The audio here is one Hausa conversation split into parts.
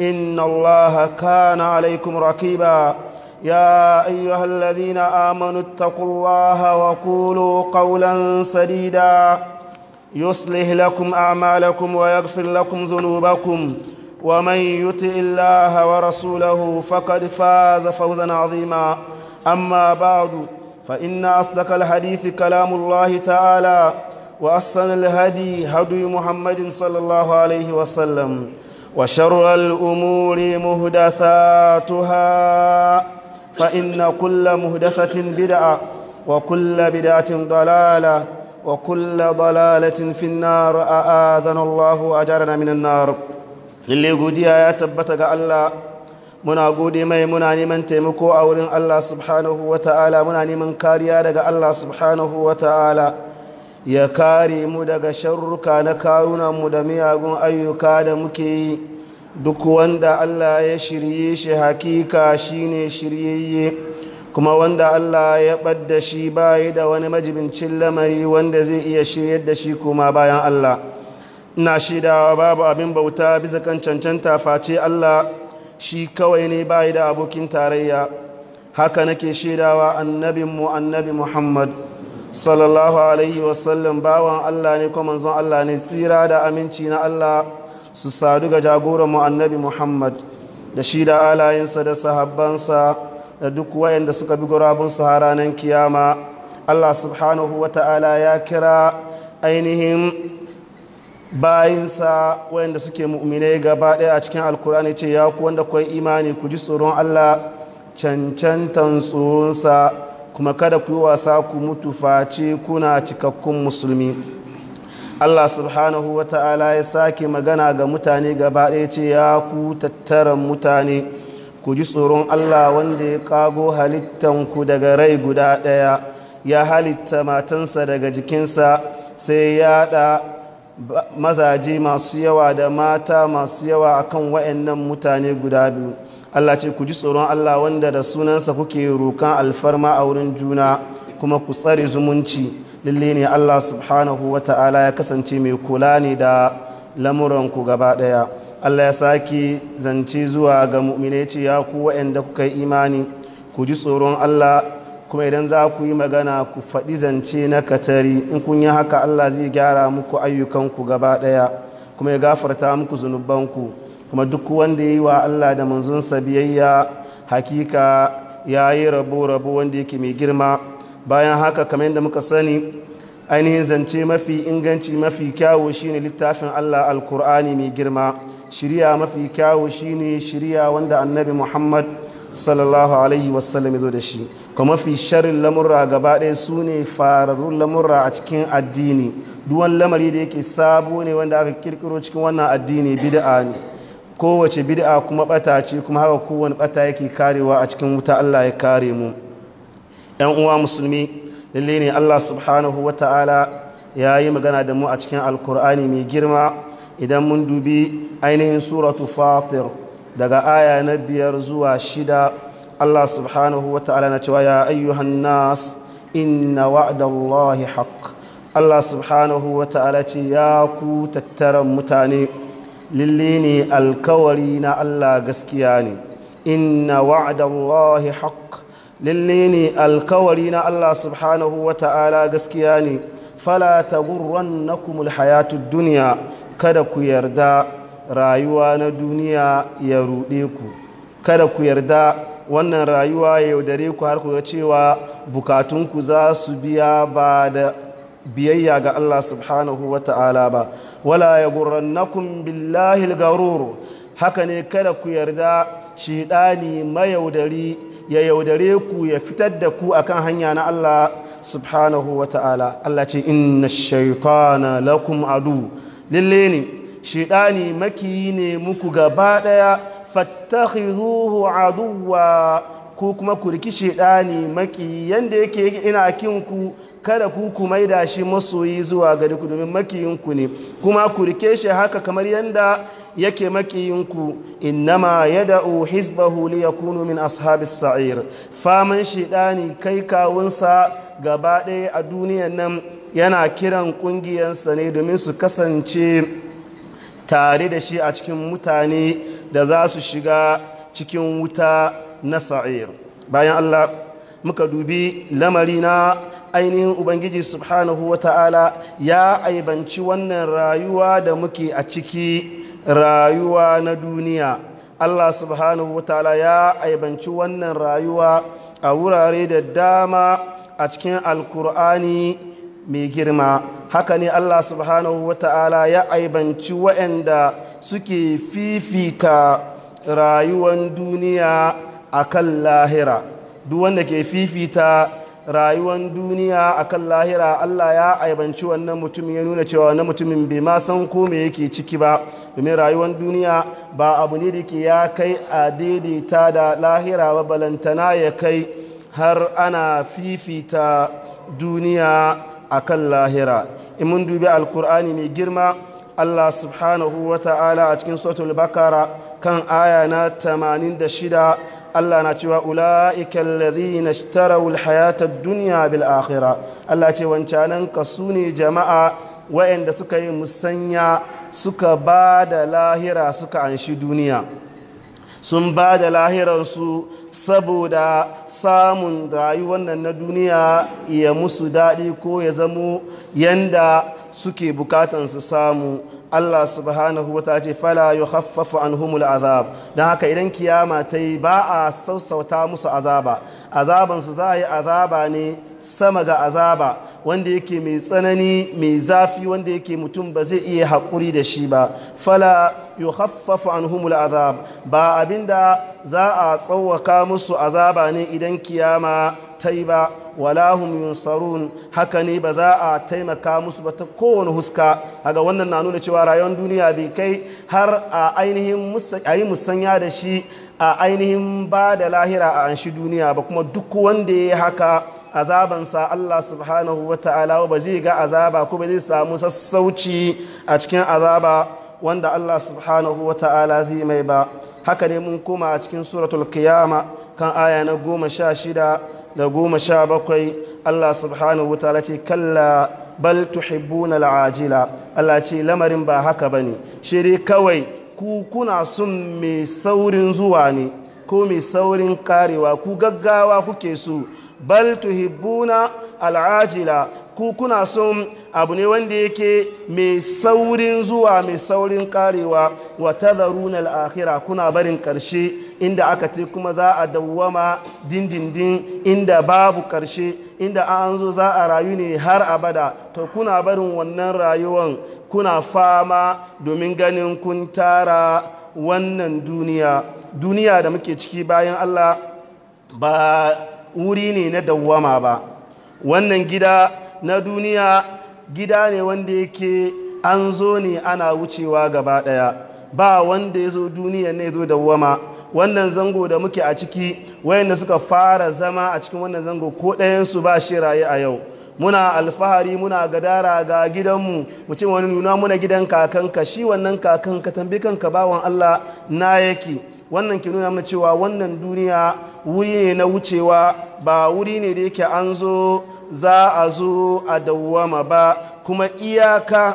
إن الله كان عليكم رقيبا يا أيها الذين آمنوا اتقوا الله وقولوا قولا سديدا يصلح لكم أعمالكم ويغفر لكم ذنوبكم ومن يطع الله ورسوله فقد فاز فوزا عظيما أما بعد فإن أصدق الحديث كلام الله تعالى وأحسن الهدي هدي محمد صلى الله عليه وسلم وشر الأمور مهدثاتها فإن كل مهدثة بدعة وكل بدعة ضلالة وكل ضلالة في النار أآذن الله أجرنا من النار للي قودي يا تبتك الله muna gode mai muna neman taimako a wurin Allah subhanahu wa ta'ala muna neman kariya daga Allah subhanahu wa ta'ala ya kare mu daga sharruka na mu da miyagun ayyuka da muke yi duk wanda Allah ya shirye shi hakika ne shiryayye kuma wanda Allah ya ɓadda shi bayi da wani majibincin lamari wanda zai iya shirye da shi kuma bayan Allah ina shaidawa babu abin bauta bisa kan cancanta face Allah shi kawai ne bayi da abokin tarayya haka nake shaidawa annabinmu annabi Muhammad sallallahu alaihi wasallam bawan Allah ne kuma manzon Allah ne tsira da aminci na Allah su sadu ga jagoran mu annabi Muhammad da shi da alayensa da sahabbansa da duk wayanda suka bi gurabun su ranar kiyama Allah subhanahu ta'ala ya kira ainihin bayinsa wayanda suke mu'minai gaba ɗaya a cikin alkur'ani ce ya ku wanda kuwa imani ku ji tsoron Allah cancantan tsoronsa kuma kada ku yi wasa ku mutu face kuna cikakkun musulmi Allah subhanahu wa ta'ala ya sake magana ga mutane gaba ɗaya ce ya ku tattaran mutane ku ji tsoron Allah wanda ya kago halittanku daga rai guda ɗaya ya halitta matansa daga jikinsa sai ya da mazaje masu yawa da mata masu yawa akan waɗannan mutane guda biyu Allah ce ku ji tsoron Allah wanda da sunansa kuke rokan alfarma a wurin juna kuma ku tsare zumunci lille ne Allah subhanahu wa ta'ala ya kasance mai kula ne da lamuranku gaba ɗaya Allah ya sake zance zuwa ga mu'mine ce ya ku wa'anda kuka yi imani ku ji tsoron Allah kuma idan za ku yi magana ku faɗi zance na katari in kun yi haka Allah zai gyara muku ayyukanku gaba ɗaya kuma ya gafarta muku zunubanku kuma duk wanda ya yi wa Allah da manzonsa biyayya hakika ya yi rabo-rabo wanda yake mai girma bayan haka kamar yadda muka sani ainihin zance mafi inganci mafi kyawo shine littafin Allah alkur'ani mai girma shirya mafi kyawo shine shirya wanda annabi Muhammad sallallahu alaihi wasallam zo da shi kuma mafi sharin lamurra gaba ɗaya su ne fararrun lamurra a cikin addini duwan lamari da yake sabo ne wanda aka kirkiro cikin wannan addini bid'a ne kowace bid'a kuma bata ce kuma haka kowane bata yake karewa a cikin wuta Allah ya kare mu yan uwa musulmi lalle ne Allah subhanahu wa ta'ala ya yi magana da mu a cikin alkur'ani mai girma idan mun dubi ainihin suratu fatir daga aya na biyar zuwa shida Allah subhanahu wa ta'ala na cewa ya ayyuhan nas inna wa'dallahi haqq Allah subhanahu wa ta'ala ce ya ku tattaran mutane lille ne alkawari na Allah gaskiya ne inna wa'dallahi haqq lalle ne alkawari na Allah subhanahu wa ta'ala gaskiya ne fala taghurrannakumul hayatud dunya kada ku yarda rayuwa na duniya ya ruɗe ku kada ku yarda wannan rayuwa ya yaudare ku har ku ga cewa bukatunku za su biya ba da biyayya ga Allah subhanahu wa ta'ala ba wala ya gurannakun billahi garuru haka ne kada ku yarda shidani mayaudari ya yaudare ku ya fitar da ku akan hanya na Allah subhanahu wa ta'ala Allah ce inna shaitana lakum adu lille ne shidani makiyi ne muku gaba fattahi zuhu aduwa ko kuma ku riki shidani maki yanda yake ina kinku kada ku ku maida shi masoyi zuwa gari ku domin makiyinku ne kuma ku rike shi haka kamar yadda yake makiyinku innama yad'u hizbahu yakunu min ashabis sa'ir faman shidani kai kawunsa gaba ɗaya a duniyan nan yana kiran kungiyansa ne domin su kasance tare da shi a cikin mutane da za su shiga cikin wuta na sa'ir bayan Allah muka dubi lamari na ainihin ubangiji subhanahu wa ta'ala ya aibanci wannan rayuwa da muke a ciki rayuwa na duniya allah subhanahu wa ta'ala ya aibanci wannan rayuwa a wurare da dama a cikin alkur'ani mai girma haka ne allah subhanahu wa ta'ala ya aibanci waɗanda suke fifita rayuwan duniya a kan lahira duk wanda ke fifita rayuwar duniya akan lahira Allah ya aibanci wannan mutumin ya nuna cewa wannan mutumin bai ma san ko me yake ciki ba domin rayuwar duniya ba abu ne da ke ya kai a daidaita da lahira ba balantana ya kai har ana fifita duniya akan lahira in mun dubi alkur'ani mai girma Allah subhanahu wa ta'ala a cikin suratul bakara kan aya na 86 Allah na cewa ula'ikan alladhina ishtaraw alhayata duniya dunya bil Allah ce wancanan su ne jama'a wayanda suka yi musanya suka ba da lahira suka anshi duniya sun ba da lahiransu, saboda samun rayuwar nan na duniya ya musu daɗi ko ya zamo yanda suke bukatansu samu Allah subhanahu wa ta'ala ce fala yukhaffafu anhumul azab dan haka idan kiyama ta yi ba a sausauta musu azaba azaban su za a yi azaba ne sama ga azaba wanda yake mai tsanani mai zafi wanda yake mutum ba zai iya haƙuri da shi ba fala yukhaffafu anhumul azab ba abinda za a tsawaka musu azaba ne idan kiyama tai ba walahun hum yunsarun haka ne ba za a taimaka musu ba ta kowane huska haga wannan na nuna cewa rayuwar duniya bai kai har a ainihin musanya da shi a ainihin ba da lahira a anshi duniya ba kuma duk wanda ya haka azabansa Allah subhanahu wa ta'ala ba zai ga azaba ko ba zai samu sassauci a cikin azaba wanda Allah subhanahu wa ta'ala zai mai ba haka ne mun koma a cikin suratul kiyama kan aya na goma sha shida da goma sha bakwai Allah subhanahu wa ta'ala ce kalla bal tuhibbu na al'ajila Allah ce lamarin ba haka ba ne. shiri kawai ku kuna sun mai saurin zuwa ne ko mai saurin karewa ku gaggawa kuke su, bal tuhibbu na al'ajila ku kuna son abu ne wanda yake mai saurin zuwa mai saurin karewa wa tadharuna al kuna barin ƙarshe inda aka te kuma za a dawwama dindindin inda babu karshe inda an zo za a rayu ne har abada to kuna barin wannan rayuwan kuna fama domin ganin kun tara wannan duniya duniya da muke ciki bayan Allah ba wuri ne na dawwama ba wannan gida na duniya gida ne wanda yake an zo ne ana wucewa gaba ɗaya ba wanda ya zo duniya ne zo dawwama wannan zango da muke a ciki wayanda suka fara zama a cikin wannan zango ko ɗayansu ba shi raye a yau muna alfahari muna gadara ga gidanmu mu ce wani nuna muna gidan kakanka shi wannan kakanka tambi kanka bawan Allah na yake wannan ke nuna mana cewa wannan duniya wuri ne na wucewa ba wuri ne da yake an zo za a zo a dawwama ba kuma iyaka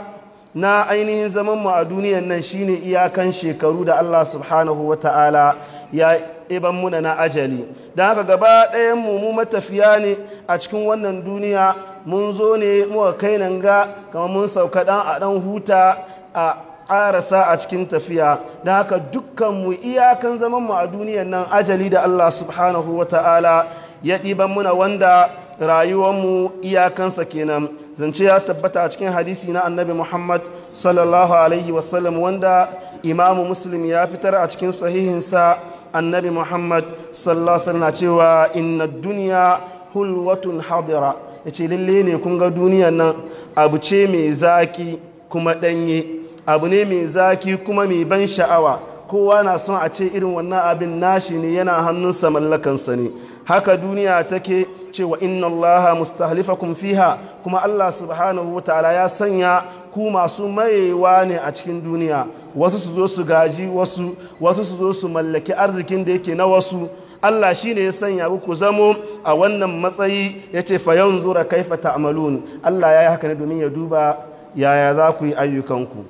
na ainihin zamanmu a duniyan nan shine iyakan shekaru da Allah subhanahu wa ta'ala ya iban muna na ajali don haka gaba ɗayan mu mu matafiya ne a cikin wannan duniya mun zo ne muka kai nan ga kamar mun sauka ɗan a ɗan huta a ƙarasa a cikin tafiya da haka dukkanmu iyakan zamanmu a duniyan nan ajali da Allah subhanahu wa ta'ala ya ɗiban muna wanda rayuwanmu iyakansa kenan zance ya tabbata a cikin hadisi na annabi muhammad sallallahu alaihi wasallam wanda imamu muslim ya fitar a cikin sahihinsa annabi muhammad sallallahu alaihi na cewa inna duniya hulwatun hadira ya ce lalle ne kun ga duniyan nan abu ce mai zaki kuma ɗanye abu ne mai zaki kuma mai ban sha'awa kowa na son a ce irin wannan abin nashi ne yana hannunsa mallakansa ne haka duniya take cewa inna allaha mustahlifakum fiha kuma allah subhanahu wa ta'ala ya sanya ku masu mayewa ne a cikin duniya wasu su zo su gaji wasu wasu su zo su mallaki arzikin da yake na wasu Allah shi ne ya sanya ku zamo a wannan matsayi ya ce fayon zura kaifa ta'amalun Allah ya yi haka ne domin ya duba yaya za ku yi ayyukanku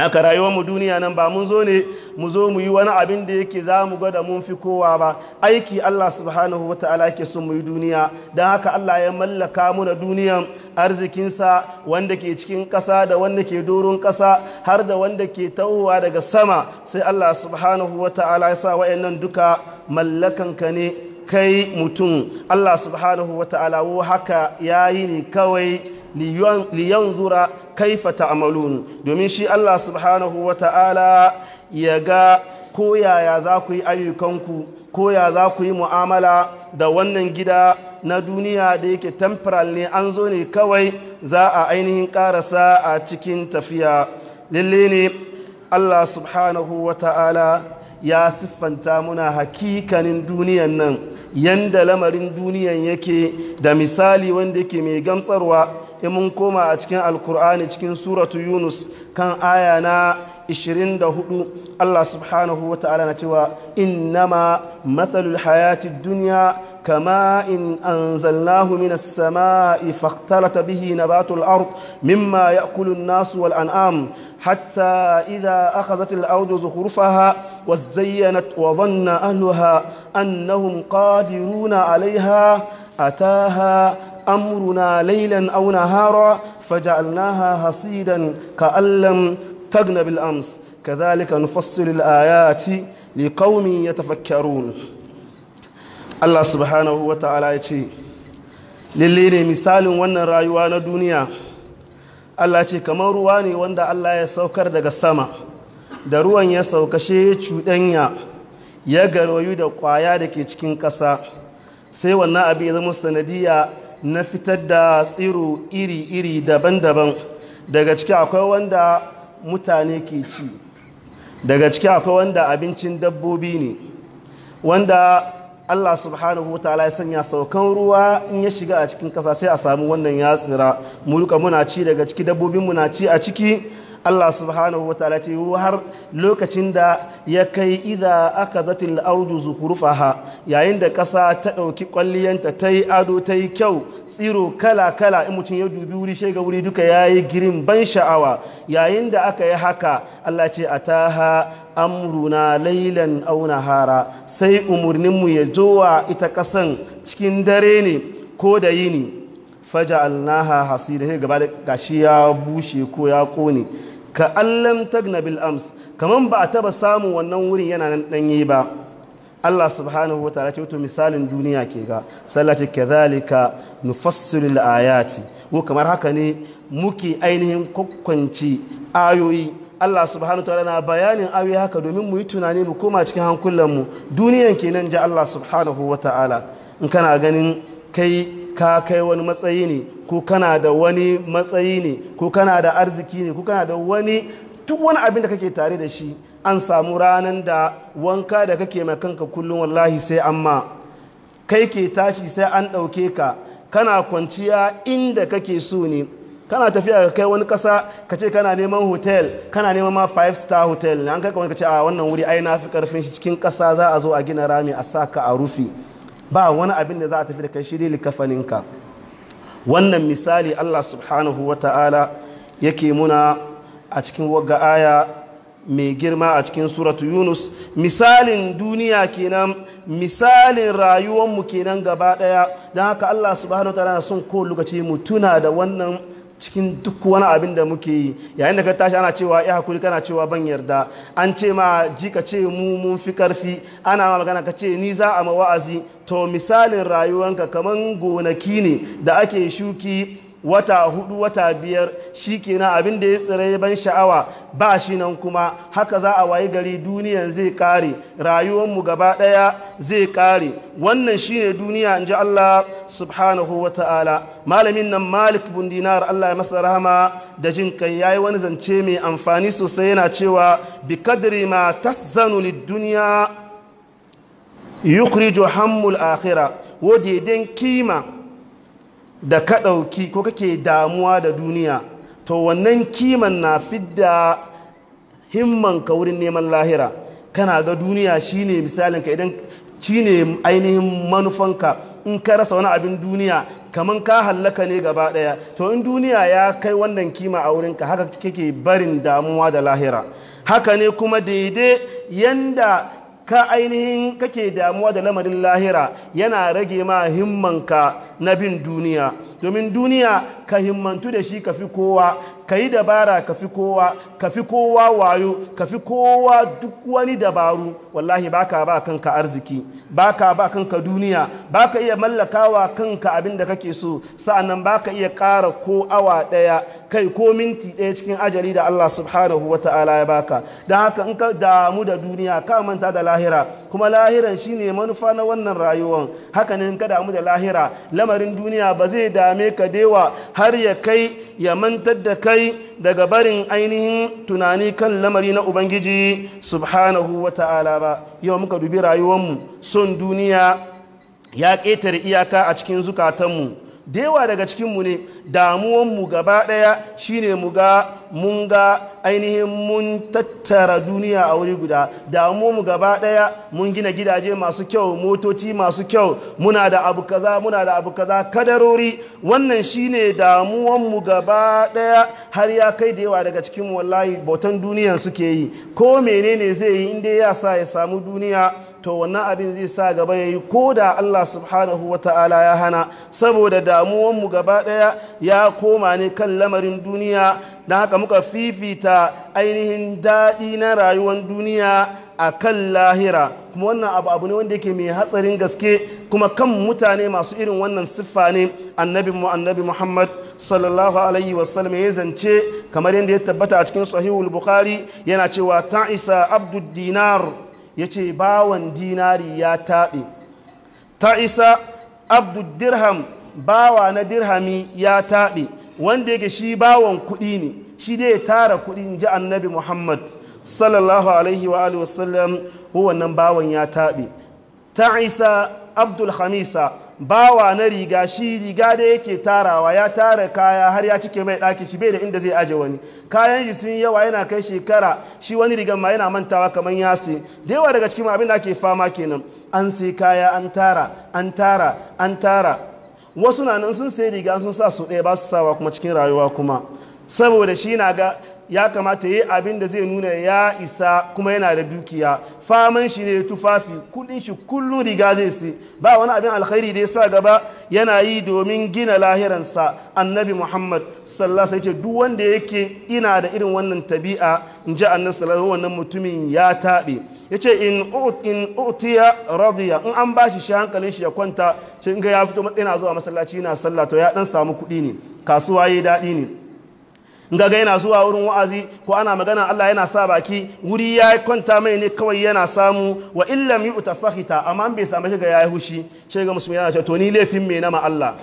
haka mu duniya nan ba mun zo ne mu zo mu yi wani abin da yake za mu gwada mun fi kowa ba aiki Allah subhanahu wa ta'ala ke son mu yi duniya don haka Allah ya mallaka mu na duniyan arzikinsa wanda ke cikin ƙasa da wanda ke doron ƙasa har da wanda ke tauwa daga sama sai Allah subhanahu wa ta'ala ya sa wa'annan duka mallakanka ne kai mutum Allah subhanahu wa ta'ala wo haka yi ne kawai liyan zura kaifa ta'amalun domin shi Allah subhanahu wa ta'ala ya ga ko yaya za ku yi ayyukanku ko za ku yi mu'amala da wannan gida na duniya da yake temporal ne an zo ne kawai za a ainihin karasa a cikin tafiya lalle ne Allah subhanahu wa ta'ala ya siffanta muna hakikanin duniyan nan yanda lamarin duniyan yake da misali wanda yake mai gamsarwa in mun koma a cikin alkur'ani cikin suratu yunus kan aya na 24 Allah subhanahu wa ta'ala na cewa innama matsalul hayati duniya kama in an zallahu minas sama'i faktarata bihi na batul art mimma ya kulun nasu wal an'am hatta iza aka zatil audu zuhurfaha zayyanat wa dhanna ahluha annahum qadiruna alaiha أتاها أمرنا ليلا أو نهارا فجعلناها حصيدا كأن لم tagna bil ams kadhalika nufassilu al ayati liqaumin yatafakkarun Allah subhanahu wa ta'ala ya ce misalin wannan rayuwa na duniya Allah ce kamar ruwa ne wanda Allah ya saukar daga sama da ruwan ya saukashe ya cuɗanya ya garwayu da kwaya da ke cikin ƙasa sai wannan abin zama sanadiya na fitar da tsiro iri-iri daban-daban daga ciki akwai wanda mutane ke ci daga ciki akwai wanda abincin dabbobi ne wanda Allah subhanahu wa ta'ala ya sanya saukan ruwa in ya shiga a cikin ƙasa sai a samu wannan ya tsira mu duka muna ci daga ciki dabbobin muna ci a ciki Allah subhanahu wa ta'ala ce har lokacin da ya kai idza akazatil ardu zukhrufaha yayin da ƙasa ta ɗauki kwalliyanta ta yi ado ta yi kyau tsiro kala kala in mutum ya dubi wuri shega wuri duka ya yi girin ban sha'awa yayin da aka yi haka Allah ce ta a ataha amruna laylan auna hara sai umarninmu mu ya wa ita ƙasan cikin dare ne ko da yini faja'alnaha hasira gaba da gashi ya bushe ko ya kone ka allam tagna bil ams kaman ba a taba samun wannan wurin yana nan danye ba Allah subhanahu wa ta'ala ce wato misalin duniya ke ga sallace kadhalika nufassilu al ayati ko kamar haka ne muke ainihin kokwanci ayoyi Allah subhanahu wa ta'ala na bayanin ayoyi haka domin mu yi tunani mu koma cikin hankulan mu duniyan kenan ja Allah subhanahu wa ta'ala in kana ganin kai ka kai wani matsayi ne ko kana da wani matsayi ne ko kana da arziki ne ko kana da wani duk wani abin da kake tare da shi an samu ranar da wanka da kake mai kanka kullum wallahi sai amma kai ke tashi sai an ɗauke ka kana kwanciya inda kake so ne kana tafiya ka kai wani kasa ka ce kana neman hotel kana neman ma five star hotel an kai wani ka ce a wannan wuri ai na fi karfin shi cikin kasa za a zo a gina rami a sa ka a rufi ba wani abin da za a tafi da kai shiri likafaninka wannan misali Allah subhanahu wa ta'ala yake muna a cikin wagga aya mai girma a cikin suratu yunus misalin duniya kenan misalin rayuwanmu kenan gaba daya don haka Allah subhanahu wa ta'ala sun ko lokaci mu tuna da wannan cikin duk wani abin da muke yi yayin da ka tashi ana cewa ya hakuri kana cewa ban yarda an ce ma ji ka ce mu mun fi karfi ana ma magana ka ce ni za a ma wa'azi to misalin rayuwanka kaman gonaki ne da ake shuki wata hudu wata biyar shi kenan abin da ya tsira ban sha'awa ba shi nan kuma haka za a wayi gari duniyan zai kare mu gaba daya zai kare wannan shine duniya in ji Allah subhanahu wa ta'ala malamin nan malik bin dinar Allah ya masa rahama da jin kai yayi wani zance mai amfani sosai yana cewa bi kadri ma tazzanu lid duniya yukhriju hammul akhirah wo kima da ka ɗauki ko kake damuwa da duniya to wannan kiman na fidda himman ka wurin neman lahira kana ga duniya shine misalin ka idan ne ainihin manufanka in ka rasa wani abin duniya kaman ka hallaka ne gaba ɗaya. to in duniya ya kai wannan kima a wurinka haka kake barin damuwa da lahira haka ne kuma daidai yanda ka ainihin kake damuwa da lamarin lahira yana rage ma himmanka na bin duniya domin duniya ka himmantu da shi ka fi kowa ka yi dabara ka fi kowa ka fi kowa wayo ka fi kowa duk wani dabaru wallahi baka ba kanka arziki baka ba kanka duniya baka iya mallakawa kanka abin da kake so sa'annan baka iya ƙara ko awa ɗaya kai ko minti ɗaya cikin ajali da Allah subhanahu wa ta'ala ya baka don haka in ka damu da duniya ka manta da lahira kuma lahiran shine manufa na wannan rayuwan haka ne in ka damu da lahira lamarin duniya ba zai da same ka dewa har ya kai ya mantar da kai daga barin ainihin tunani kan lamari na ubangiji subhanahu wa ta'ala ba yau muka dubi rayuwarmu son duniya ya ƙetare iyaka a cikin zukatanmu dewa daga cikinmu ne damuwanmu gaba ɗaya shine mu ga mun ga ainihin mun tattara duniya a wuri guda da mu gaba daya mun gina gidaje masu kyau motoci masu kyau muna da abu kaza muna da abu kaza kadarori wannan shine damuwan mu gaba daya har ya kai da yawa daga cikin wallahi bautan duniya suke yi ko menene zai yi inda ya sa ya samu duniya to wannan abin zai sa gaba ya yi ko da Allah subhanahu wa ta'ala ya hana saboda damuwanmu gaba ɗaya ya koma ne kan lamarin duniya da haka muka fifita ainihin daɗi na rayuwar duniya a kan lahira kuma wannan abu abu ne wanda yake mai hatsarin gaske kuma kan mutane masu irin wannan siffa ne annabi mu annabi muhammad sallallahu alaihi wasallam ya zance kamar yadda ya tabbata a cikin sahihul bukhari yana cewa ta'isa abdud dinar ya ce bawan dinari ya taɓe ta'isa abdud dirham bawa na dirhami ya taɓe wanda yake shi bawon kuɗi ne shi dai ya tara kuɗi ji annabi muhammad sallallahu alaihi wa alihi wasallam wannan bawan ya taɓe ta isa abdul hamisa bawa na riga shi riga da yake tarawa ya tara kaya har ya cike mai ɗaki shi bai da inda zai aje wani kayan shi sun yawa yana kai shekara shi wani rigan ma yana mantawa kamar yasi da yawa daga cikin abin da ake fama kenan an sai kaya an tara an tara an tara wasu na nan sun sai riga sun sa su ɗaya ba su sawa kuma cikin rayuwa kuma saboda shi na ga ya kamata yi abin da zai nuna ya isa kuma yana da dukiya faman shi ne tufafi kudin shi kullum riga zai si ba wani abin alkhairi da ya sa gaba yana yi domin gina lahiransa annabi muhammad sallallahu alaihi duk wanda yake ina da irin wannan tabi'a in ji annabi sallallahu wannan mutumin ya tabe yace in in utiya radiya in an bashi shi hankalin shi ya kwanta shi ga ya fito na zuwa masallaci na sallah to ya dan samu kudi ne kasuwa yayi daɗi ne Gaga yana zuwa wurin wa'azi ko ana magana Allah yana sa baki wuri ya kwanta mai ne kawai yana samu wa illam yu'ta sahita amma bai samu shiga yayi hushi shiga musulmi yana ce to ni laifin me na ma Allah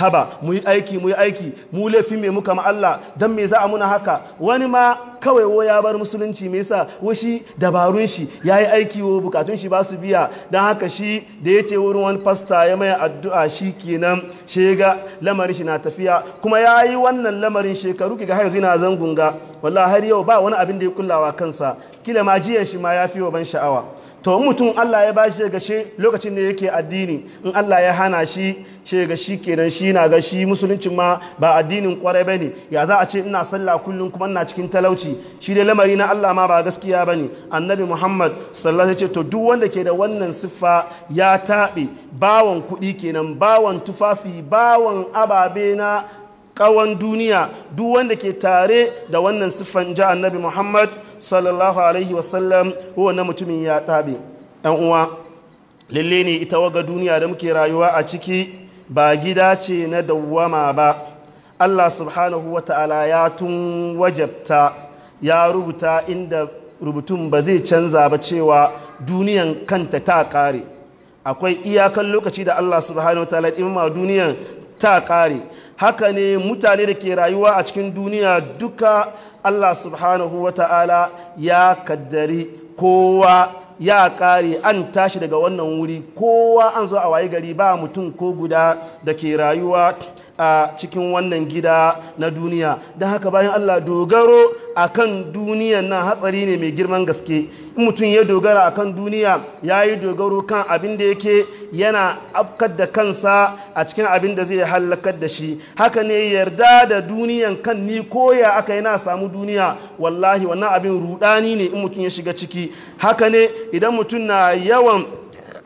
haba mu yi aiki mu yi aiki mu laifin mai muka ma Allah dan me za a muna haka wani ma kawai wo ya bar musulunci me yasa washi dabarun shi ya yi aiki wo bukatun shi ba su biya don haka shi da ya ce wurin wani fasta ya mai addu'a shi kenan shi ga lamarin shi na tafiya kuma ya yi wannan lamarin shekaru ga har yanzu yana zangunga wallahi har yau ba wani abin da ya kullawa kansa kila ma jiyan shi ma ya fi wa ban sha'awa to mutum Allah ya bashi ga shi lokacin da yake addini in Allah ya hana shi shi ga shi kenan shi na ga shi musuluncin ma ba addinin kwarai bane ya za a ce ina sallah kullum kuma ina cikin talauci shi dai lamari na Allah ma ba gaskiya bane annabi Muhammad sallallahu alaihi wasallam to duk wanda ke da wannan siffa ya tabe bawon kuɗi kenan bawon tufafi bawon ababe na kawon duniya duk wanda ke tare da wannan siffan ja annabi muhammad sallallahu alaihi wasallam wannan mutumin ya tabe yan uwa lalle ne ita waga duniya da muke rayuwa a ciki ba gida ce na dawwama ba allah subhanahu wa ta'ala ya tun wajabta ya rubuta inda rubutun ba zai canza ba cewa duniyan kanta ta kare akwai iyakan lokaci da allah subhanahu wa ta'ala ɗin ma duniyan ta kare haka ne mutane da ke rayuwa a cikin duniya duka Allah subhanahu wa ta'ala ya kaddari kowa ya kare an tashi daga wannan wuri kowa an zo a waye gari ba mutum ko guda da ke rayuwa a cikin wannan gida na duniya don haka bayan Allah dogaro a kan duniyan nan hatsari ne mai girman gaske in mutum ya dogara a kan duniya ya yi dogaro kan abin da yake yana afkar da kansa a cikin abin da zai hallakar da shi haka ne yarda da duniyan kan ni koya aka yana samu duniya wallahi wannan abin rudani ne in mutum ya shiga ciki haka ne idan mutum na yawan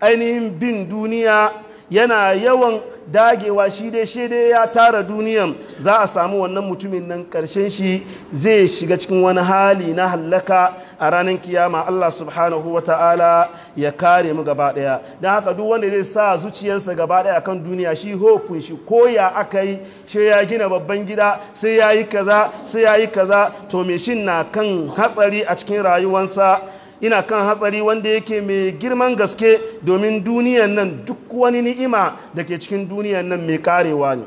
ainihin bin duniya yana yawan dagewa shi dai shi dai ya tara duniyan za a samu wannan mutumin nan karshen shi zai shiga cikin wani hali na hallaka a ranar kiyama Allah subhanahu wa ta'ala ya kare mu gaba daya don haka duk wanda zai sa zuciyarsa gaba daya akan duniya shi hokun shi koya ya aka yi shi ya gina babban gida sai ya yi kaza sai ya yi kaza to me shin na kan hatsari a cikin rayuwarsa ina kan hatsari wanda yake mai girman gaske domin duniyan nan duk wani ni'ima da ke cikin duniyan nan mai karewa ne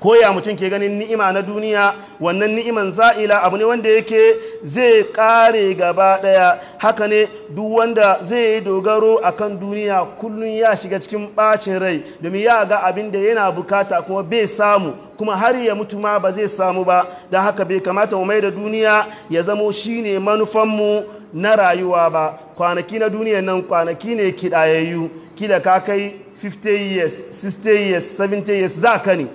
koya mutum ke ganin ni'ima na duniya wannan ni'iman za'ila abu ne wanda yake zai kare gaba daya haka ne duk wanda zai yi dogaro a kan duniya kullum ya shiga cikin bacin rai domin ya ga abin da yana bukata kuma bai samu kuma har ya mutu ma ba zai samu ba da haka bai kamata mu mai da duniya ya zamo shine manufanmu na rayuwa ba kwanaki na duniya nan kwanaki ne kidayayyu kila ka kai 50 years 60 years 70 years za ka ne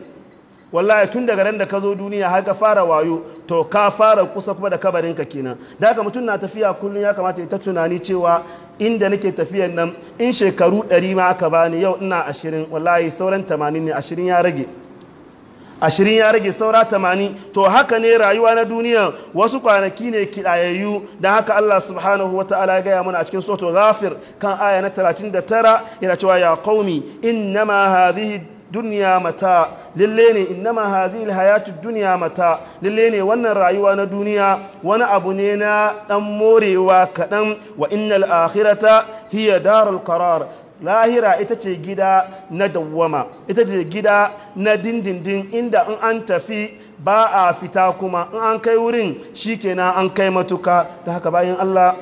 wallahi tun daga ran da ka zo duniya har ka fara wayo to ka fara kusa kuma da kabarin ka kenan da haka mutum na tafiya kullum ya kamata ya ta tunani cewa inda nake tafiyan nan in shekaru ɗari ma aka bani yau ina ashirin wallahi sauran tamanin ne ashirin ya rage ashirin ya rage saura tamanin to haka ne rayuwa na duniya wasu kwanaki ne kidayayyu da haka Allah subhanahu wa ta'ala ya gaya mana a cikin soto ghafir kan aya na 39 yana cewa ya qaumi innama hadhihi duniya mata lalle ne ma hazil hayatu duniya mata lalle ne wannan rayuwa na duniya wani abu ne na dan morewa kadan wa innal akhirata hiya darul qarar lahira ita ce gida na dawwama ita ce gida na dindindin inda in an tafi ba a fita kuma in an kai wurin shikenan an kai matuka da haka bayan Allah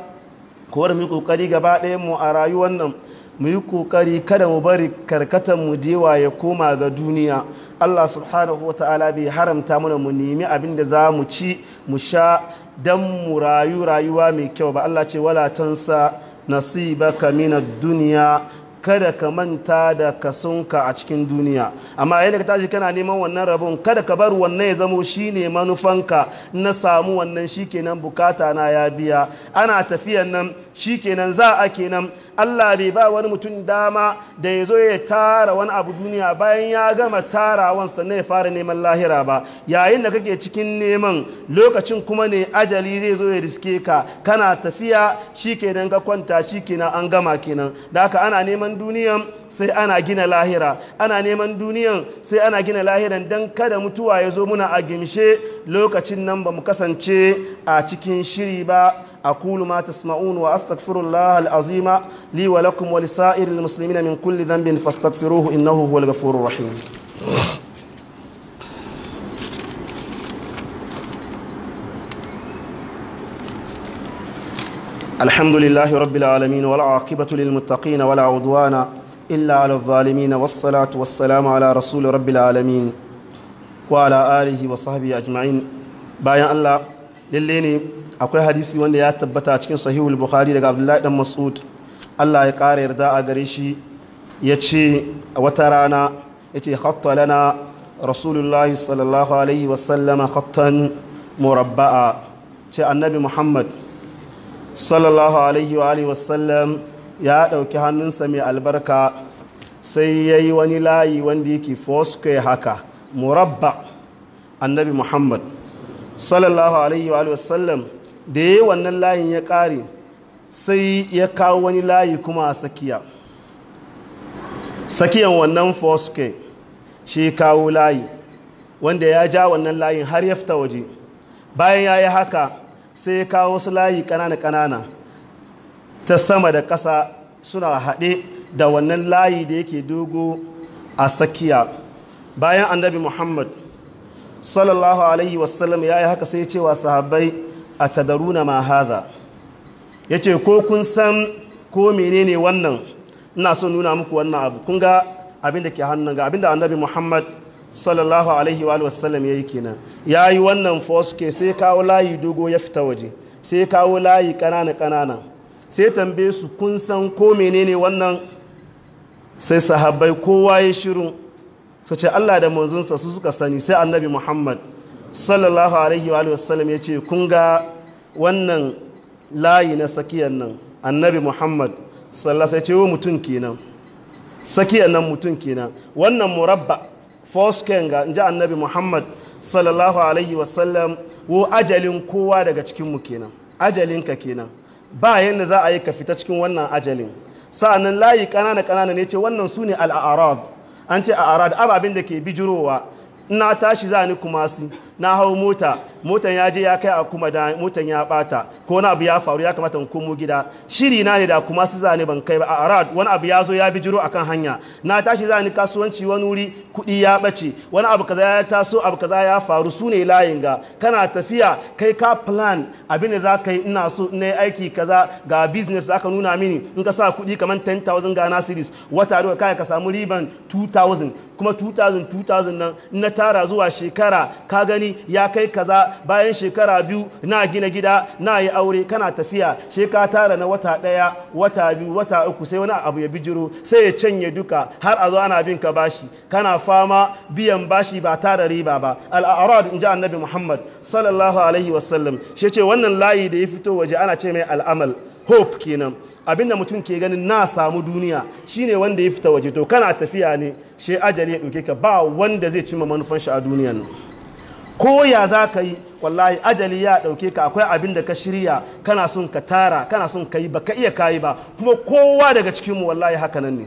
kowar mu kokari gaba ɗayan mu a rayuwar nan mu yi kokari kada mu bari karkatan mu dewa ya koma ga duniya Allah subhanahu wa ta'ala bai haramta mana mu nemi abin da za mu ci mu sha dan mu rayu rayuwa mai kyau ba Allah ce wala tansa nasibaka minad duniya kada ka manta da kasunka a cikin duniya amma yadda ka tashi kana neman wannan rabon kada ka bar wannan ya zamo shine manufanka na samu wannan shikenan bukata na ya biya ana tafiyan nan shikenan za a kenan Allah bai ba wani mutum dama da ya zo ya tara wani abu duniya bayan ya gama tarawan na ya fara neman lahira ba yayin da kake cikin neman lokacin kuma ne ajali zai zo ya riske ka kana tafiya shikenan ka kwanta shikenan an gama kenan da haka ana neman neman duniyan sai ana gina lahira ana neman duniyan sai ana gina lahiran don kada mutuwa ya zo muna a gimshe lokacin nan ba mu kasance a cikin shiri ba a kulu ma sma'un wa astagfirun lahal li liwa lakum wa lisa'iril muslimina min kulli zambin fastagfiruhu innahu huwal gafurur rahim الحمد لله رب العالمين والعاقبة للمتقين ولا عدوان إلا على الظالمين والصلاة والسلام على رسول رب العالمين وعلى آله وصحبه أجمعين بايا الله لليني akwai hadisi wanda ya tabbata cikin sahihul bukhari daga abdullahi dan mas'ud Allah ya ƙara yarda a gare shi yace wata rana yace ce khatta lana rasulullahi sallallahu alaihi wasallama khattan murabba'a ce annabi muhammad sallallahu alaihi wa alihi wasallam ya ɗauki hannunsa mai albarka sai ya yi wani layi wanda yake foskwe haka murabba annabi muhammad sallallahu alaihi wa wasallam da ya yi wannan layin ya kare sai ya kawo wani layi kuma a tsakiya tsakiyan wannan foskwe shi kawo layi wanda ya ja wannan layin har ya fita waje bayan ya yi haka sai ya kawo wasu layi ƙanana-ƙanana ta sama da ƙasa suna haɗe da wannan layi da yake dogo a tsakiya bayan annabi muhammad sallallahu alaihi wasallam ya yi haka sai cewa sahabbai a tadaruna ma haza ya ce ko kun san ko menene wannan ina so nuna muku wannan abu kun ga abin da ke hannun ga abin da annabi muhammad sallallahu alaihi wa sallam ya yi kenan ya yi wannan foske sai kawo layi dogo ya fita waje sai kawo layi ƙanana ƙanana sai tambaye su kun san ko menene wannan sai sahabbai kowa ya shiru su ce Allah da manzonsa su suka sani sai annabi Muhammad sallallahu alaihi wa sallam ya ce kun ga wannan layi na sakiyan nan annabi Muhammad sallallahu alaihi wa sallam ya ce mutum kenan sakiyan nan mutum kenan wannan murabba foskenga in ji annabi muhammad sallallahu alaihi wasallam wo ajalin kowa daga cikinmu kenan ajalinka kenan ba yadda za a yi ka fita cikin wannan ajalin sa'annan layi kanana kanana ne ce wannan su ne al'arad an ce a'arad ababin da ke bijirowa na tashi za ni kumasi na hau mota motan ya je ya kai a kuma da motan ya bata ko wani abu ya faru ya kamata mu komo gida shiri na ne da kuma su zane ban kai ba a arad wani abu ya zo ya bi jiro akan hanya na tashi zani kasuwanci wani wuri kuɗi ya bace wani abu kaza ya taso abu kaza ya faru su ne layin ga kana tafiya kai ka plan abin da za ka yi ina so na aiki kaza ga business za ka nuna mini in ka sa kuɗi kamar 10,000 ghana series wata da kai ka samu riban 2,000 kuma 2,000 2,000 nan na tara zuwa shekara ka gani ya kai kaza bayan shekara biyu na gina gida na yi aure kana tafiya sheka ka tara na wata ɗaya wata biyu wata uku sai wani abu ya bijiro sai ya canye duka har a zo ana bin ka bashi kana fama biyan bashi ba tara riba ba al'arad in ji annabi muhammad sallallahu alaihi wasallam shi ce wannan layi da ya fito waje ana ce mai al'amal hope kenan abinda mutum ke ganin na samu duniya shine wanda ya fita waje to kana tafiya ne shi ajali ya ɗauke ka ba wanda zai cimma manufan shi a duniyan nan Koya za ka yi wallahi ajali ya ɗauke ka akwai abin da ka shirya kana son ka tara kana son ka yi ba ka iya kayi ba kuma kowa daga cikinmu wallahi haka nan ne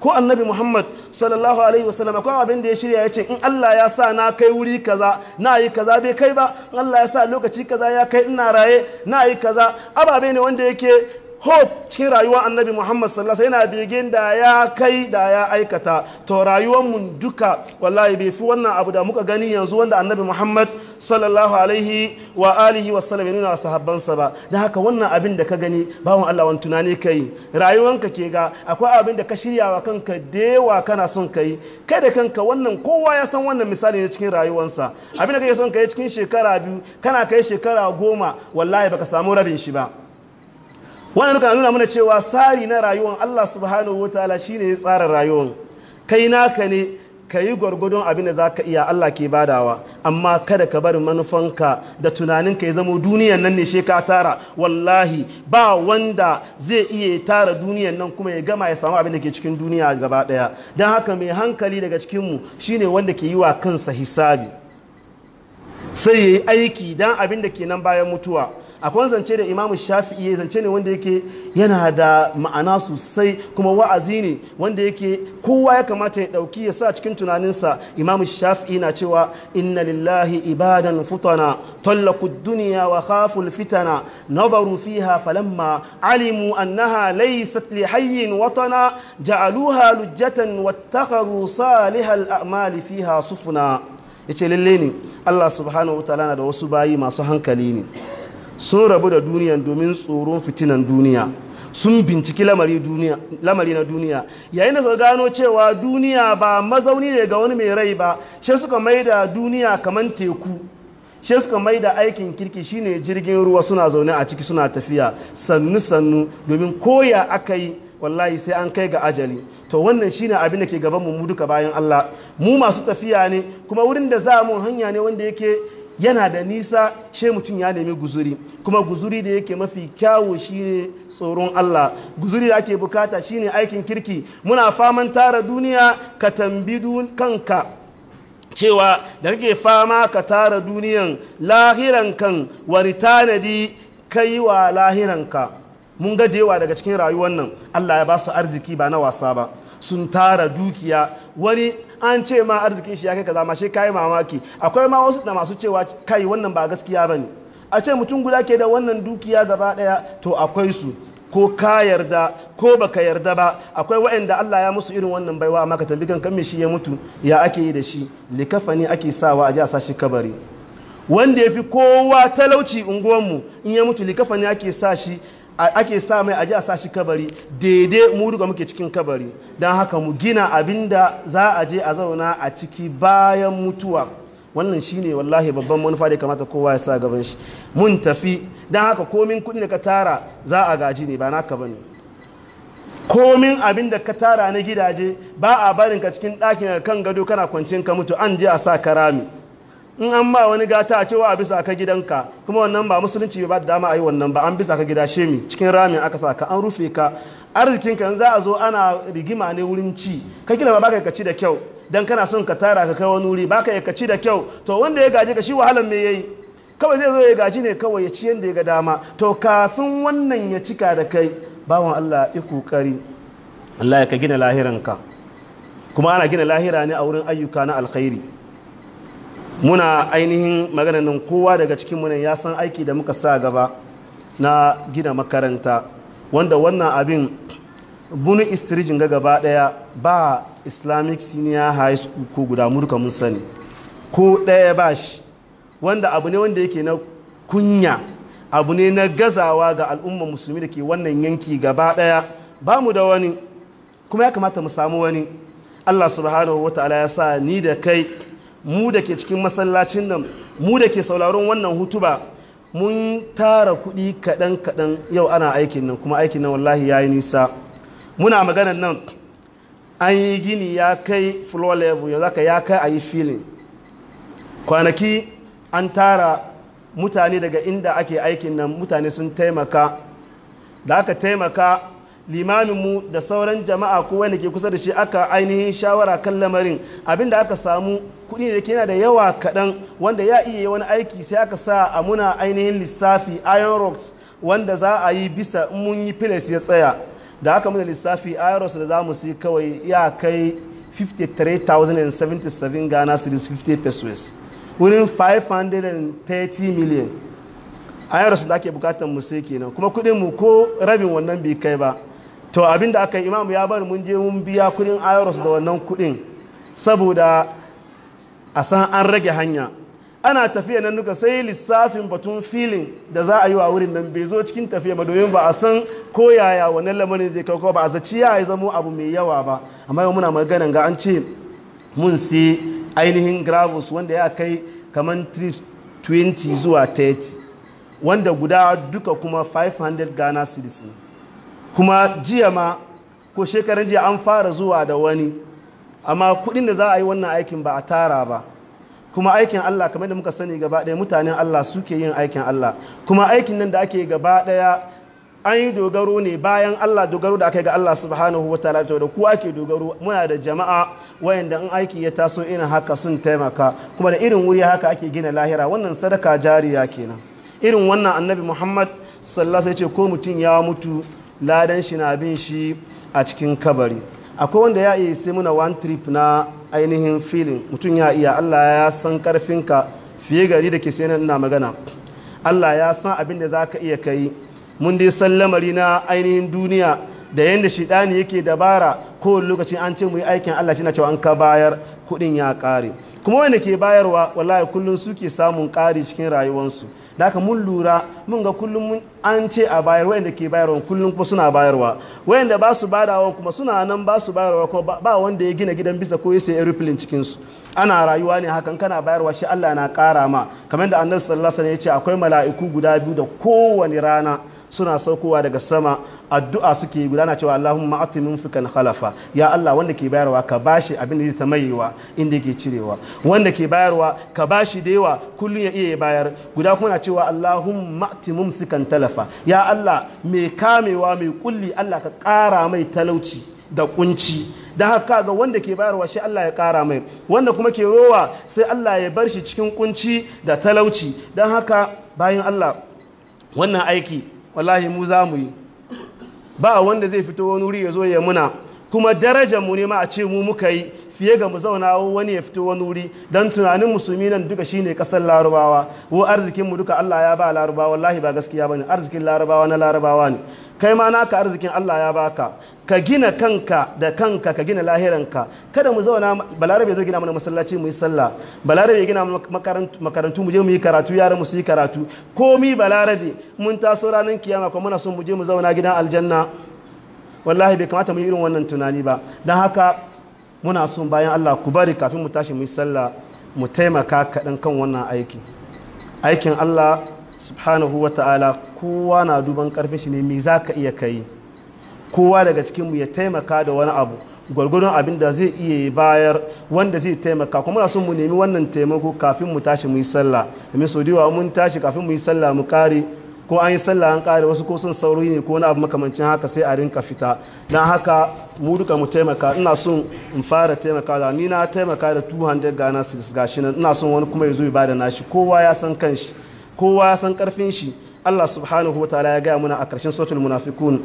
ko annabi muhammad sallallahu alaihi wasallam akwai abin da ya shirya ya ce in allah ya sa na kai wuri kaza na yi kaza bai kai ba in allah ya sa lokaci kaza ya kai ina raye na yi kaza ababe ne wanda yake hope cikin rayuwar annabi muhammad sallallahu alaihi yana begen da ya kai da ya aikata to rayuwar mu duka wallahi bai fi wannan abu da muka gani yanzu wanda annabi muhammad sallallahu alaihi wa alihi wa sallam yana wa sahabbansa ba da haka wannan abin da ka gani bawon allah wani tunani kai rayuwanka ke ga akwai abin da ka shirya wa kanka dewa kana son kai kai da kanka wannan kowa ya san wannan misali ne cikin rayuwarsa abin da kake son kai cikin shekara biyu kana kai shekara goma wallahi baka samu rabin shi ba wannan duka nuna mana cewa tsari na rayuwar Allah subhanahu wa ta'ala shine ya tsara rayuwar kai naka ne ka yi gwargwadon abin da za ka iya Allah ke badawa amma kada ka bari manufanka da tunanin ka ya zama duniyan nan ne ka tara wallahi ba wanda zai iya tara duniyan nan kuma ya gama ya samu abin da ke cikin duniya gaba daya don haka mai hankali daga cikinmu shine wanda ke yi wa kansa hisabi sai ya yi aiki don abin da ke nan bayan mutuwa akwai zance da imamu shafi'i ya zance ne wanda yake yana da ma'ana sosai kuma wa'azi ne wanda yake kowa ya kamata ya dauki ya sa cikin tunaninsa imamu shafi'i na cewa inna lillahi ibadan futana tallaku duniya wa khaful fitana nazaru fiha falamma alimu annaha laysat li hayyin watana ja'aluha lujjatan wattakhadhu salihal a'mali fiha sufuna yace lalle ne Allah subhanahu wa ta'ala na da wasu bayi masu hankali ne sun rabu da duniya domin tsoron fitinan duniya sun binciki lamari na duniya yayin da suka gano cewa duniya ba mazauni ne ga wani mai rai ba shi suka mai da duniya kamar teku shi suka mai da aikin kirki shine jirgin ruwa suna zaune a ciki suna tafiya sannu sannu domin koya aka yi wallahi sai an kai ga ajali to wannan shine abin da ke gaban mu duka bayan Allah mu masu tafiya ne kuma wurin da za mu hanya ne wanda yake yana da nisa shi mutum ya nemi guzuri kuma guzuri da yake mafi kyawu shine tsoron Allah guzuri da ake bukata shine aikin kirki muna faman tara duniya ka tambi kanka cewa da kake fama ka tara duniyan lahiran kan wani tanadi kai wa lahiran ka mun ga da yawa daga cikin rayuwar nan Allah ya ba su arziki ba na wasa ba sun tara dukiya wani an ce ma arzikin shi ya kai kaza ma shi kai mamaki akwai ma wasu da masu cewa kai wannan ba gaskiya ba ne a ce mutum guda ke da wannan dukiya gaba daya to akwai su ko ka yarda ko baka yarda ba akwai waɗanda Allah ya musu irin wannan baiwa maka tambi kan kan shi ya mutu ya ake yi da shi ne ake sawa a ji a sashi kabari wanda ya fi kowa talauci unguwanmu in ya mutu ne ake sa shi ake sa mai aji a sa shi kabari daidai mu duka muke cikin kabari don haka mu gina abinda za a je a zauna a ciki bayan mutuwa wannan shine wallahi babban manufa da kamata kowa ya sa gaban shi mun tafi don haka komin kuɗi da ka tara za a gaji ne ba naka bane komin abin da ka tara na gidaje ba a barin ka cikin ɗakin kan gado kana kwancin ka mutu an je a sa ka rami in an ba wani gata a cewa a bisa ka gidanka kuma wannan ba musulunci ba da dama a yi wannan ba an bisa ka gida shemi cikin ramin aka sa ka an rufe ka arzikinka ka za a zo ana rigima ne wurin ci ka gina ba baka ka kaci da kyau dan kana son ka tara ka kai wani wuri baka ka kaci da kyau to wanda ya gaji ka shi wahalan me yayi kawai zai zo ya gaji ne kawai ya ci yanda ya ga dama to kafin wannan ya cika da kai bawan Allah ya kokari Allah ya ka gina lahiranka kuma ana gina lahira ne a wurin ayyuka na alkhairi muna ainihin magana kowa daga cikin munan ya san aiki da muka sa gaba na gina makaranta wanda wannan abin bunu istirijin ga gaba daya ba islamic senior high school ko guda murka mun sani ko daya ba shi wanda abu ne wanda yake na kunya abu ne na gazawa ga al'ummar musulmi da ke wannan yanki gaba daya ba mu da wani kuma ya kamata mu samu wani allah subhanahu wa ta'ala ya sa ni da kai mu da ke cikin masallacin nan mu da ke sauraron wannan hutuba mun tara kuɗi kaɗan-kaɗan yau ana aikin nan kuma aikin nan wallahi ya yi nisa muna maganan nan an yi gini ya kai floor level ya zaka ya kai a yi filin kwanaki an tara mutane daga inda ake aikin nan mutane sun taimaka da aka taimaka limaminmu da sauran jama'a ko wanda ke kusa da shi aka ainihin shawara kan lamarin abinda aka samu kuɗi da ke yana da yawa kaɗan wanda ya iya wani aiki sai aka sa a muna ainihin lissafi iron rocks wanda za a yi bisa mun yi filas ya tsaya da aka muna lissafi iron rocks da za mu sai kawai ya kai 53,077 ghana cedis 50 pesos wurin 530 million iron rocks da ake bukatar mu sai kenan kuma kuɗin mu ko rabin wannan bai kai ba to abin da aka yi imamu ya bari mun je mun biya kudin iros da wannan kudin saboda a san an rage hanya ana tafiya nan duka sai lissafin batun filin da za a yi wa wurin nan bai zo cikin tafiya ba domin ba a san ko yaya wannan lamarin zai kawo ba a zaci ya yi zamo abu mai yawa ba amma yau muna maganan ga an ce mun si ainihin gravus wanda ya kai kamar 20 zuwa 30 wanda guda duka kuma 500 ghana citizens kuma jiya ma ko shekaran jiya an fara zuwa da wani amma kudin da za a yi wannan aikin ba a tara ba kuma aikin Allah kamar da muka sani gaba ɗaya mutanen Allah suke yin aikin Allah kuma aikin nan da ake gaba ɗaya an yi dogaro ne bayan Allah dogaro da aka ga Allah subhanahu wa ta'ala da ku ake dogaro muna da jama'a wayanda in aiki ya taso irin haka sun taimaka kuma da irin wuri haka ake gina lahira wannan sadaka jariya kenan irin wannan annabi Muhammad sallallahu alaihi wasallam ya ce ko mutum ya mutu ladan shi na bin shi a cikin kabari akwai wanda ya iya sai muna one trip na ainihin filin mutum ya iya allah ya san karfinka fiye gari da ke sayanar ina magana allah ya san abin da za ka iya kai mun dai san lamari na ainihin duniya da yadda shidani yake dabara ko lokacin an ce mu yi aikin allah na cewa an ka bayar kuɗin ya ƙare kuma wanda ke bayarwa wallahi kullum suke samun ƙari cikin rayuwarsu da mun lura mun ga kullum an ce a bayar wayanda ke bayarwa kullum kuma suna bayarwa wayanda ba su badawa kuma suna nan ba su bayarwa ko ba wanda ya gina gidan bisa ko ya sai airplane cikin su ana rayuwa ne hakan kana bayarwa shi Allah na kara ma kamar da Annabi sallallahu alaihi wasallam ya ce akwai mala'iku guda biyu da kowane rana suna saukowa daga sama addu'a suke gudana cewa Allahumma ati munfikan khalafa ya Allah wanda ke bayarwa ka bashi abin da zai ta mayewa inda yake cirewa wanda ke bayarwa ka bashi da yawa kullun ya iya bayar guda kuma na cewa Allahumma ati mumsikan talafa ya Allah mai kamewa mai kulli Allah ka ƙara mai talauci da kunci da haka ga wanda ke bayarwa shi Allah ya ƙara mai wanda kuma ke rowa sai Allah ya bar shi cikin kunci da talauci don haka bayan Allah wannan aiki wallahi mu za mu yi ba wanda zai fito wani wuri ya zo ya muna kuma darajar mu ne ma a ce mu muka yi fiye ga mu zauna wani ya fito wani wuri don tunanin musulmi nan duka shine kasar larabawa wo arzikin mu duka Allah ya ba larabawa wallahi ba gaskiya bane arzikin larabawa na larabawa ne kai ma naka arzikin Allah ya baka ka gina kanka da kanka ka gina lahiranka kada mu zauna balarabe zo gina mana masallaci mu yi sallah balarabe gina gina makarantu mu je mu yi karatu yaran mu su yi karatu komi balarabe mun taso ranar kiyama kuma muna son mu je mu zauna gidan aljanna wallahi bai kamata mu yi irin wannan tunani ba don haka muna son bayan Allah ku bari kafin mu tashi mu yi sallah mu taimaka kaɗan kan wannan aiki aikin Allah subhanahu wa ta'ala kowa na duban karfin shi ne me za ka iya kai kowa daga cikin mu ya taimaka da wani abu gwargwadon abin da zai iya bayar wanda zai taimaka kuma muna son mu nemi wannan taimako kafin mu tashi mu yi sallah domin sau da mun tashi kafin mu yi sallah mu kare ko an yi sallah an kare wasu ko sun sauri ne ko na abu makamancin haka sai a rinka fita don haka mu duka mu taimaka ina son in fara taimaka da ni na taimaka da 200 Ghana cedis gashi nan ina son wani kuma ya zo ya bada nashi kowa ya san kanshi kowa ya san karfin shi Allah subhanahu wa ta'ala ya gaya muna a karshen suratul munafiqun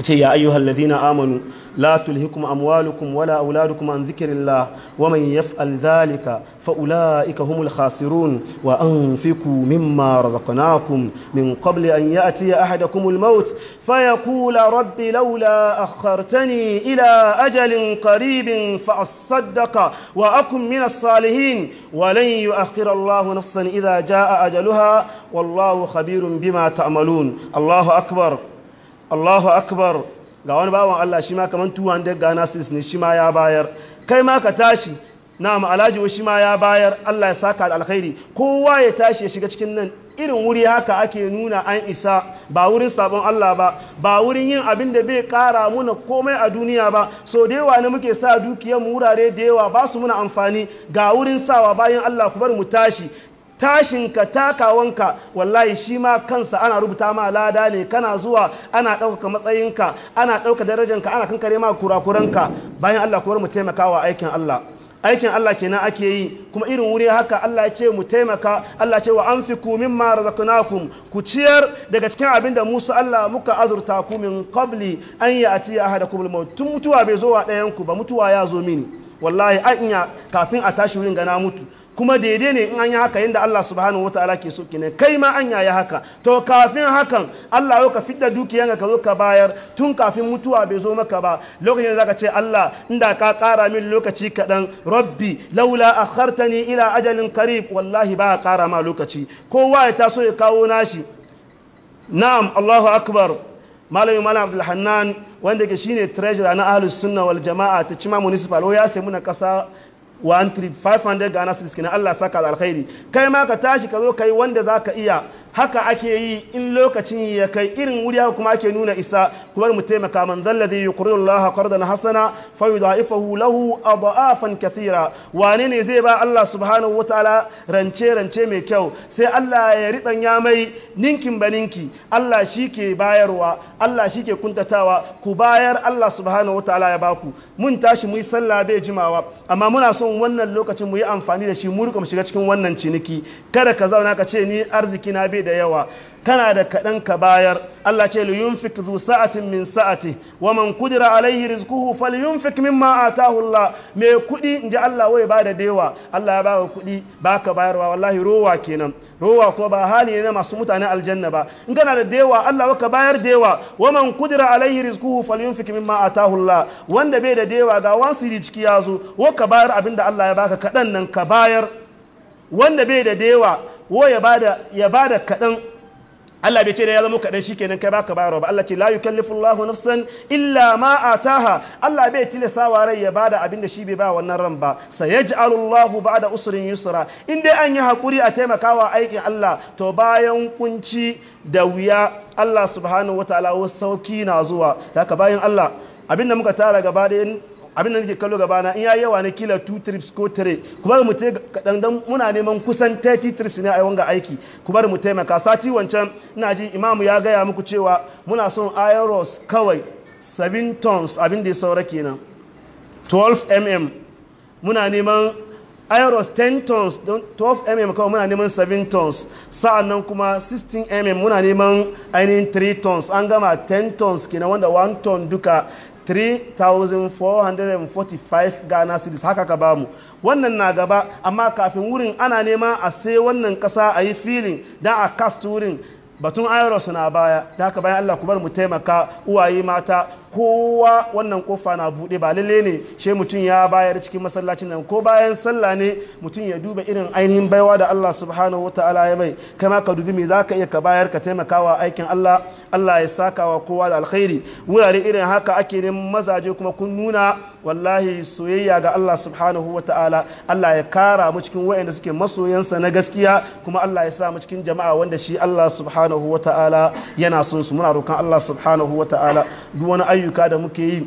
ce ya ayyuhal ladina amanu la tulhikum amwalukum wala auladukum an zikrillah wa man yaf'al dhalika fa ulaika humul khasirun wa anfiqu mimma razaqnakum min qabli an ya'ti ahadakum al maut fa kula rabbi laula akhartani ila ajalin qaribin fa asaddaqa wa akun min as-salihin wa lan yu'akhkhira Allahu nafsan idha jaa ajaluha wallahu khabirun bima ta'malun Allahu akbar Allahu akbar ga wani bawan Allah shi ma kamar 200 Ghana sis ne shi ma ya bayar kai ma ka tashi na'am alhaji shi ma ya bayar Allah ya saka alkhairi kowa ya tashi ya shiga cikin nan irin wuri haka ake nuna an isa ba wurin sabon Allah ba ba wurin yin abin da bai kara muna komai a duniya ba so da yawa na muke sa dukiyar mu wurare da yawa ba su muna amfani ga wurin sawa bayan Allah ku bar mu tashi tashinka takawanka wallahi shi ma kansa ana rubuta ma lada ne kana zuwa ana ɗaukaka matsayinka ana ɗauka darajanka ana kankare ma kurakuranka bayan Allah kuma mu taimaka wa aikin Allah aikin Allah kenan ake yi kuma irin wuri haka Allah ya ce mu taimaka Allah ce wa anfiku mimma razaqnakum ku ciyar daga cikin abin da Musa Allah muka azurta ku min qabli an ya'ti ahadakum al-maut tun mutuwa bai zo wa ɗayan ku ba mutuwa ya zo mini wallahi an kafin a tashi wurin ga na mutu kuma daidai ne in an yi haka yadda Allah subhanahu wataala ke so kenan kai ma an yayi haka to kafin hakan Allah yau ka fitta dukiyar ka zo ka bayar tun kafin mutuwa bai zo maka ba lokacin da zaka ce Allah inda ka kara min lokaci kaɗan rabbi laula akhartani ila ajalin qarib wallahi ba kara ma lokaci kowa ya taso ya kawo nashi na'am Allahu akbar malami malam Hannan wanda ke shine treasurer na ahlus sunna wal jama'a ta cima municipal ya sai muna kasa 13500 Ghana cedis kenan Allah saka alkhairi kai ma ka tashi ka zo kai wanda za ka iya haka ake yi in lokacin ya kai irin wuri haka kuma ake nuna isa kuma mu taimaka man zallazi yuqridu Allah qardan hasana fa yudha'ifahu lahu adafan kathira wane ne zai ba Allah subhanahu wataala rance rance mai kyau sai Allah ya ya mai ninkin baninki Allah shike bayarwa Allah shike kuntatawa ku bayar Allah subhanahu wataala ya baku mun tashi mu yi sallah bai jimawa amma muna son wannan lokacin mu yi amfani da shi mu rika mu shiga cikin wannan ciniki kada ka zauna ka ce ni arziki na bai da yawa kana da kaɗan ka bayar Allah ce li yunfik zu sa'atin min sa'ati wa man kudira alaihi rizquhu falyunfik mimma atahu Allah me kuɗi inji Allah wai ba da dewa Allah ya baka kuɗi baka bayarwa wallahi rowa kenan rowa ko ba hali ne masu mutane aljanna ba in kana da dewa Allah ka bayar dewa wa man kudira alaihi rizquhu falyunfik mimma atahu Allah wanda bai da dewa ga wasu ciki yazo wa ka bayar abinda Allah ya baka kaɗan nan ka bayar wanda bai da dewa wo ya bada ya bada kadan Allah bai ce da ya zama kaɗan shi kenan kai baka bayarwa ba Allah ce la yukallifu Allahu nafsan illa ma a taha. Allah bai tile sawa rai ya bada abin da shi bai ba wannan ran ba sayaj'alu ba ba'da usrin yusra in dai an yi hakuri a taimakawa aikin Allah to bayan kunci da wuya Allah subhanahu wataala sauki na zuwa haka bayan Allah abin da muka tara gaba da abin da nake kallo gaba na in yayi yawa na kila 2 trips ko 3 ku bari mu ta kadan dan muna neman kusan 30 trips ne a wanga aiki ku bari mu taimaka sati wancan ina ji imamu ya gaya muku cewa muna son iron rods kawai 7 tons abin da ya saura kenan 12 mm muna neman iron rods 10 tons 12 mm kawai muna neman 7 tons sa'an nan kuma 16 mm muna neman ainihin 3 tons an gama 10 tons kenan wanda 1 ton duka 3,445 ghana cities haka ka bamu wannan na gaba amma kafin wurin ana nema a sai wannan kasa a yi filin don a kast wurin batun iros na baya da haka bayan allah ku bar mu taimaka uwaye mata kowa wannan kofa na buɗe ba lalle ne she mutum ya bayar cikin masallacin nan ko bayan sallah ne mutum ya duba irin ainihin baiwa da allah subhanahu wataala ya mai kama ka dubi me ka iya ka bayar ka taimakawa aikin allah allah ya saka wa kowa da alkhairi wurare irin haka ake neman mazaje kuma kun nuna wallahi soyayya ga Allah subhanahu wa ta'ala Allah ya kara mu cikin wa'anda suke masoyansa na gaskiya kuma Allah ya sa mu cikin jama'a wanda shi Allah subhanahu wa ta'ala yana son su muna roƙon Allah subhanahu wa ta'ala duk wani ayyuka da muke yi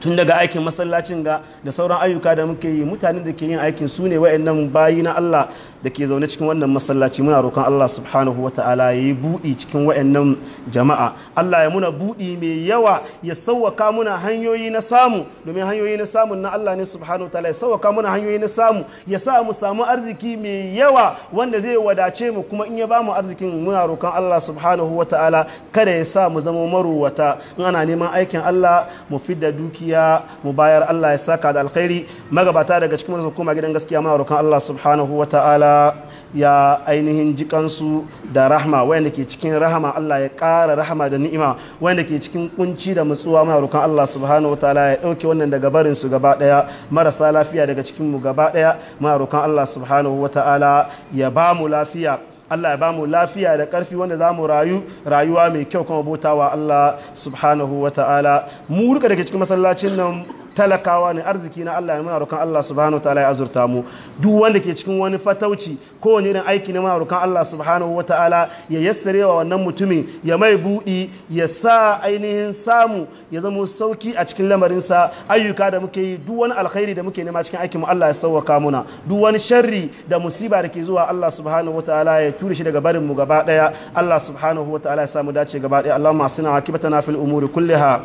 tun daga aikin masallacin ga da sauran ayyuka da muke yi mutanen da ke yin aikin su ne wa'annan bayi na Allah da ke zaune cikin wannan masallaci muna roƙon Allah subhanahu wa ta'ala ya yi buɗi cikin wa'annan jama'a Allah ya muna buɗi mai yawa ya sauwaka muna hanyoyi na samu domin hanyoyi na samu na Allah ne subhanahu wa ta'ala ya sauwaka muna hanyoyi na samu ya sa mu samu arziki mai yawa wanda zai wadace mu kuma in ya ba mu arzikin muna roƙon Allah subhanahu wa ta'ala kada ya sa mu zama maruwata in ana neman aikin Allah mu fidda dukiya gaskiya mu bayar Allah ya saka da alkhairi magabata daga cikin wanda koma gidan gaskiya muna roƙon Allah subhanahu wa ta'ala ya ainihin jikansu da rahma wanda ke cikin rahama Allah ya ƙara rahama da ni'ima wanda ke cikin kunci da mutsuwa muna roƙon Allah subhanahu wa ta'ala ya ɗauke wannan daga barin su gaba ɗaya marasa lafiya daga cikin mu gaba ɗaya muna roƙon Allah subhanahu wa ta'ala ya ba mu lafiya Allah ya ba mu lafiya da karfi wanda za mu rayu rayuwa mai kyau kuma bautawa Allah subhanahu wa ta'ala mu rika daga cikin masallacin nan talakawa ne arziki na Allah muna roƙon Allah subhanahu ta'ala ya azurta mu duk wanda ke cikin wani fatauci ko wani irin aiki na muna roƙon Allah subhanahu ta'ala ya yassare wa wannan mutumin ya mai buɗi ya sa ainihin samu ya zama sauki a cikin lamarinsa ayyuka da muke yi duk wani alkhairi da muke nema cikin aikin mu Allah ya sauwaka muna duk wani sharri da musiba da ke zuwa Allah subhanahu ta'ala ya ture shi daga barin mu gaba daya Allah subhanahu ta'ala ya samu dace gaba daya Allahumma asina akibatana fil umuri kulliha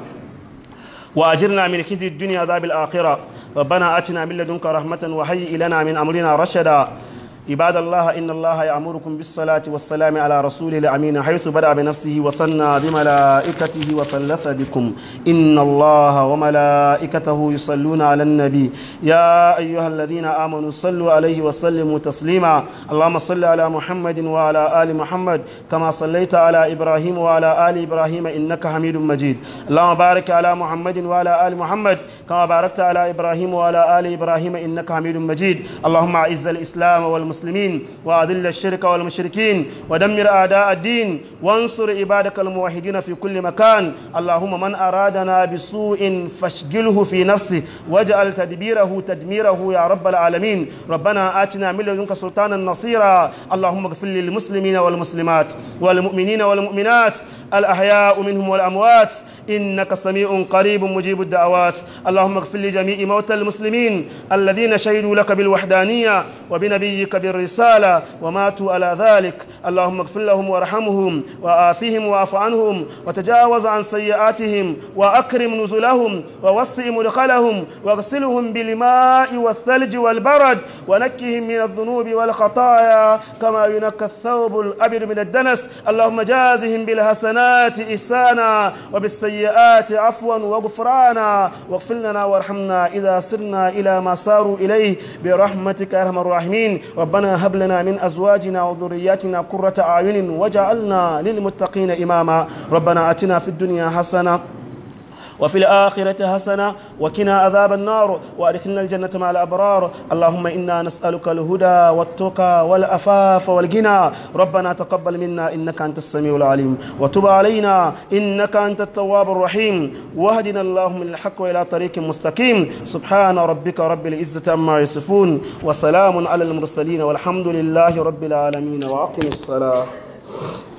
وأجرنا من خزي الدنيا عذاب الآخرة ربنا آتنا من لدنك رحمة وهيئ لنا من أمرنا رشدا عباد الله إن الله يأمركم بالصلاة والسلام على رسول الأمين حيث بدأ بنفسه وثنى بملائكته وثلث بكم إن الله وملائكته يصلون على النبي يا أيها الذين آمنوا صلوا عليه وسلموا تسليما اللهم صل على محمد وعلى آل محمد كما صليت على إبراهيم وعلى آل إبراهيم إنك حميد مجيد اللهم بارك على محمد وعلى آل محمد كما باركت على إبراهيم وعلى آل إبراهيم إنك حميد مجيد اللهم أعز الإسلام والمسلمين المسلمين وأذل الشرك والمشركين ودمر أعداء الدين وانصر عبادك الموحدين في كل مكان اللهم من أرادنا بسوء فاشغله في نفسه واجعل تدبيره تدميره يا رب العالمين ربنا آتنا من لدنك سلطانا نصيرا اللهم اغفر للمسلمين والمسلمات والمؤمنين والمؤمنات الأحياء منهم والأموات إنك سميع قريب مجيب الدعوات اللهم اغفر لجميع موتى المسلمين الذين شهدوا لك بالوحدانية وبنبيك بالرسالة وماتوا على ذلك اللهم اغفر لهم وارحمهم وآفهم وعف عنهم وتجاوز عن سيئاتهم وأكرم نزلهم ووصي مدخلهم واغسلهم بالماء والثلج والبرد ونكهم من الذنوب والخطايا كما ينكى الثوب الأبيض من الدنس اللهم جازهم بالحسنات إحسانا وبالسيئات عفوا وغفرانا واغفر لنا وارحمنا إذا سرنا إلى ما ساروا إليه برحمتك يا أرحم الراحمين رب ربنا هب لنا من أزواجنا وذرياتنا قرة أعين وجعلنا للمتقين إماما ربنا أتنا في الدنيا حسنة وفي الآخرة حسنة وكنا عذاب النار وأدخلنا الجنة مع الأبرار اللهم إنا نسألك الهدى والتقى والأفاف والغنى ربنا تقبل منا إنك أنت السميع العليم وتب علينا إنك أنت التواب الرحيم واهدنا اللهم للحق وإلى طريق مستقيم سبحان ربك رب العزة عما يصفون وسلام على المرسلين والحمد لله رب العالمين وأقم الصلاة